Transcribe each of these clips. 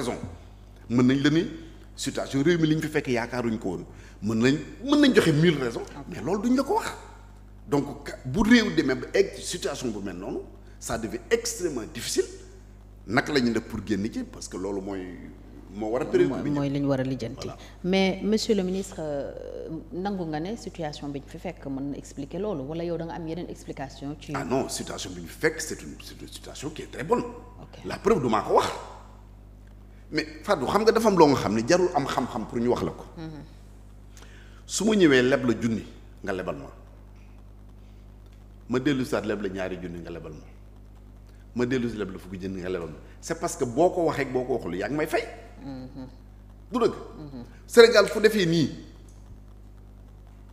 raison mën nañ la ni situation réew mi li fi fekk yaakaaruñ ko woon mën nañ mën nañ joxe mille raisons mais loolu duñ la ko donc bu réew demee ba egg situation bu mel noonu ça devient extrêmement difficile naka la ñu def pour génn ci parce que loolu mooy moo war a mooy li war a lijjanti mais monsieur le ministre euh, nangu nga ne situation bi ñu fi fekk mën na expliquer loolu wala yow da nga am yeneen explication ci ah non situation bi ñu fi fekk c'est une c'est une est très bonne la preuve du ko wax mais Fadou xam nga dafa loo nga xam ne jarul am xam-xam pour ñu wax la ko. su ma ñëwee leb la junni nga lebal ma ma dellu si leb la ñaari junni nga lebal ma si leb la fukki junni nga lebal ma c'est parce que boo ko waxee boo ko lu yaa ngi may fay. du dëgg. Sénégal fu defee nii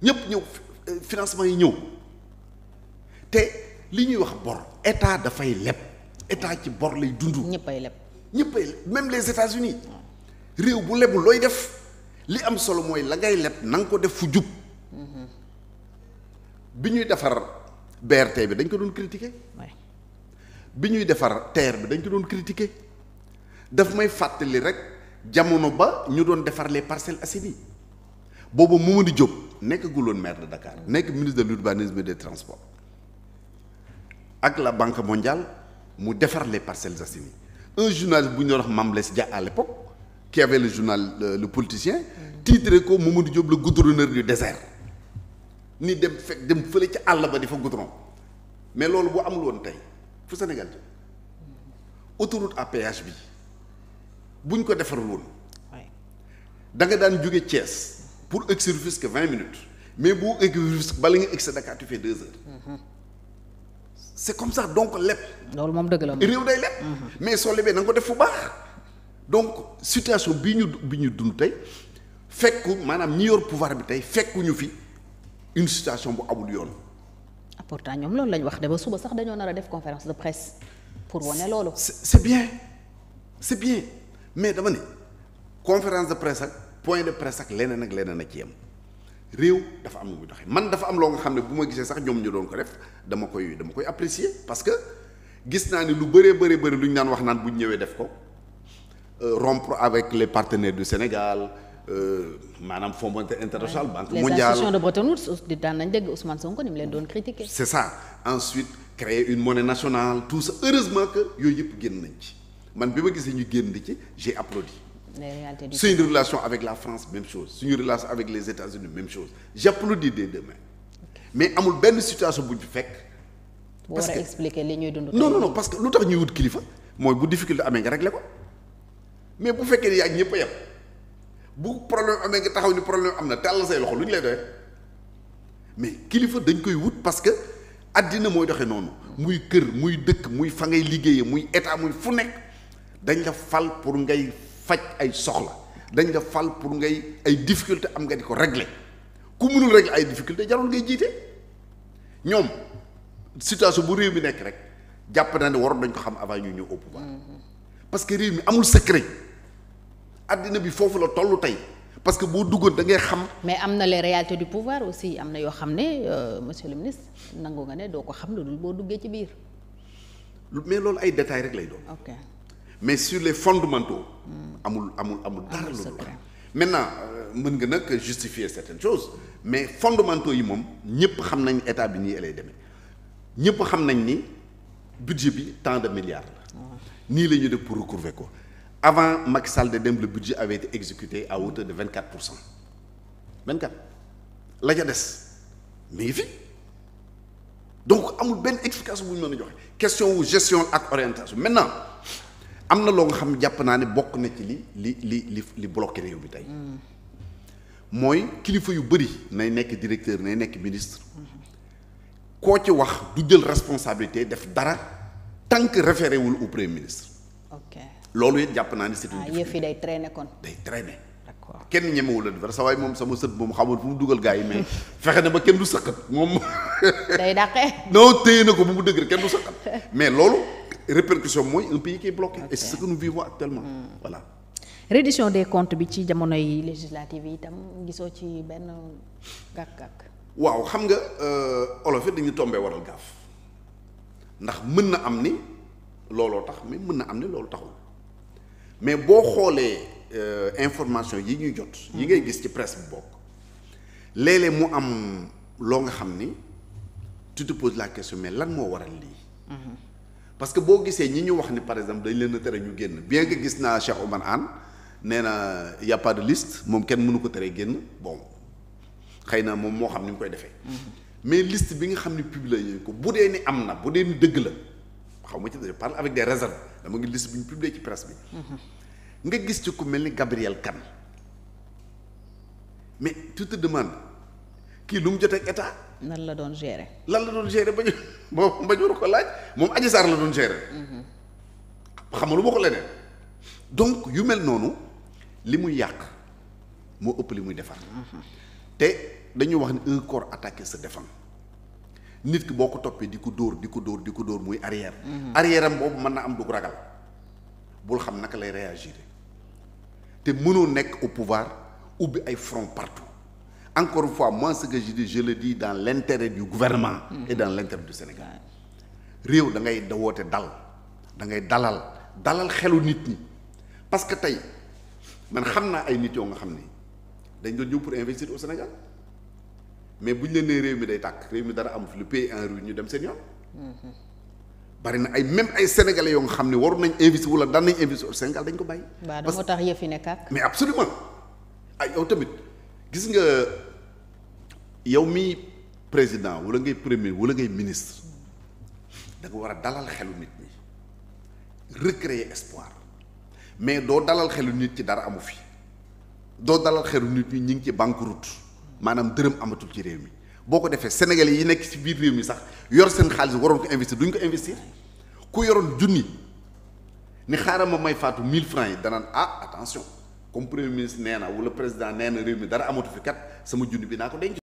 ñëpp ñëw financement yi ñëw te li ñuy wax bor état dafay leb état ci bor lay dund. ñëppay leb. ñëpp même les États-Unis réew bu lebul looy def li am solo mooy la ngay leb na nga ko def fu jub mm-hmm. bi ñuy defar BRT bi dañ ko doon critiquer bi ñuy defar TER bi dañ ko doon critiquer daf may fàttali rek jamono ba ñu doon defar les Parcelles Assainies boobu Mamadou Diop nekkaguloon maire de Dakar nekk ministre de l'urbanisme et des transports ak la Banque mondiale mu defar les Parcelles Assainies un journaliste bu ñu doon wax Mame Less Dia à l'époque qui avait le journal le, euh, le politicien titré ko Mamadou Diop le goudronneur du désert ni dem fekk dem fële ci àll ba di fa goudron mais loolu boo amul woon tey fu Sénégal jëm autoroute à péage bi buñ ko defarul woon da nga daan jóge Thiès pour egsi Rufisque vingt minutes mais boo egsi Rufisque bala nga egsi Dakar tu deux heures. Mm-hmm. c' est comme sax donc leb. loolu moom dëgg la réew day leb. mais soo lebee na ko def fu baax. donc situation bi ñu bi ñu dund tey fekku maanaam ñi yor pouvoir bi tey fekkuñu fi une situation bu amul yoon. apportant ah, ñoom loolu lañ wax de ba suba sax dañoo nara def conférence de presse pour wane loolu. c' est bien c' est bien mais dama ne conférence de presse ak point de presse ak leneen ak leneen a ci yem. réew dafa am lu muy doxee man dafa am loo nga xam ne bu ma gisee sax ñoom ñu doon ko def dama koy dama koy apprécier parce que gis naa ni lu bëree bëri bëri lu ñu naan wax naan bu ñu ñëwee def ko euh, rompre avec les partenaires du Sénégal euh, maanaam Fonds monétaire international banque mondiale les institutions de Bretton Woods di daan nañ dégg Ousmane Sonko ni mu leen doon critiquer. c'est ça ensuite créer une monnaie national tout ça heureusement que yooyu yëpp génn nañ ci man bi ma gisee ñu génn ci j'ai applaudi suñu relation avec la France même chose suñu relation avec les États-Unis même chose j'applaudis des deux mains mais amul benn situation bu ñu fekk. parce que war a expliquer li ñuy dund. non parce que lu tax ñuy wut kilifa mooy bu difficulté amee nga régler ko mais bu fekkee ne yaa ngi ñëpp a yem bu problème amee nga taxaw ni problème am na tàll say loxo lu ñu lay doyee mais kilifa dañ koy wut parce que àddina mooy doxee noonu. muy kër muy dëkk muy fa ngay liggéeyee muy état muy fu nekk dañ la fal pour ngay. faj ay soxla dañ la fal pour ngay ay difficulté am nga di ko régler ku mënul régler ay difficulté jarul ngay jiite ñoom situation bu réew mi nekk rek jàpp naa ne waroon dañ ko xam avant ñu ñëw au pouvoir parce que réew mi amul secret addina bi foofu la tollu tey parce que boo duggoon da ngay xam. mais am na les réalités du pouvoir aussi am na yoo xam ne euh, monsieur le ministre nangu nga ne doo ko xam lu dul boo duggee ci biir. mais loolu ay détails rek lay doon. ok mais sur les fondamentaux amul amul amul dara lu maintenant euh, mën nga nag justifier certaines choses mais fondamentaux yi moom ñëpp xam nañ état bi nii lay deme ñëpp xam nañ ni budget bi tant de milliards la nii la ñu def pour recouvrer ko avant Macky Sall de dem le budget avait été à hauteur de vingt quatre pour cent vingt quatre la ca des mi ngi fi donc amul benn explication bu ñu mën a joxe question wu gestion ak orientation maintenant am na loo nga xam jàpp naa ne bokk na ci li li li li li bloqué bi mi tey mm. mooy kilifa yu bëri nay nekk directeur nay nekk ministre koo ci wax du jël responsabilité def dara tant que référé wul au premier ministre. loolu it jàpp naa ne c'est une ah, yëf day traîner kon. day traîner. d'accord kenn ñemewul la defar sa waay moom sama sët moom xamul fu mu dugal gars yi mais fexe na ba kenn du sëqat moom. day dàqee. non téye na ko bu mu dëgër kenn du sëqat mais loolu. répercussion mooy un pays qui est bloqué okay. et c'est ce que nous vivons actuellement mmh. voilà reddition des comptes bi ci jamono yi législative yi itam gisoo ci benn gàkk-gàkk waaw xam nga euh, olof yi dañu tombee waral gaaf ndax mën na am ni looloo tax mais mën na am ni loolu taxul mais boo xoolee euh, information yi ñuy jot yi ngay gis ci presque bi bokk léeg mu am loo nga xam ni tu te la question mais lan moo waral lii hmm. parce que boo gisee ñi ñu wax ni par exemple dañ leen a tere ñu génn bien que gis naa Cheikh Oumar Anne nee na y a pas moom kenn mënu ko teree génn bon xëy na moom moo xam ni mu koy defee. Mhm. mais liste bi nga xam ne publié nañ ko bu dee ni am na bu dee ni dëgg la xaw ma ci je parle avec des réserves dama ngi liste bi ñu publié ci presse bi. Mhm. nga gis ci ko mel ni Gabriel Kane mais tu te demandes kii lu mu jotee ak état. nan la doon gérer. lan la doon gérer ba ñu ba ñu war ko laaj moom Adji Sarr la doon gérer. Mhm. xamalu ma ko leneen. donc yu mel noonu li muy yàq moo ëpp li muy defar. Mhm. te dañuy wax ne un corps attaqué se défend nit ki boo ko toppee di ko dóor di ko dóor di ko dóor muy arrière. Mhm. arrière am boobu mën na am du ragal bul xam naka lay réagir te mënoo nekk au pouvoir ubbi ay front partout. encore fois moi ce que je dis je le dis dans l'intérêt du gouvernement et dans l'intérêt du Sénégal réew da da woote dal da ngay dalal dalal xelu nit ñi parce que tey man xam naa ay nit yoo nga xam ni dañ doon ñëw pour investir au Sénégal mais bu ñu la réew mi day tàkk réew mi dara am fi le pays en ruine ñu dem seen yoon bari na ay même ay sénégalais yoo nga xam ne waroon nañ investir wala daan nañ investir au Sénégal dañ ko bàyyi. parce que moo tax yëf yi nekkaat mais absolument yow tamit yow mi président wala ngay premier wala ngay ministre da nga war a dalal xelu nit ñi recréer espoir mais doo dalal xelu nit ci dara amu fi doo dalal xelu nit ñi ñu ngi ci banqueroute maanaam dërëm amatul ci réew mi boo ko defee sénégal yi nekk ci biir réew mi sax yor seen xaalis waroon ko investir duñ ko investir ku yoroon junni ni xaaral ma may faatu 1000 francs yi danaan ah attention comme premier ministre nee na wala président nee na réew mi dara amatu fi kat sama junni bi naa ko denc.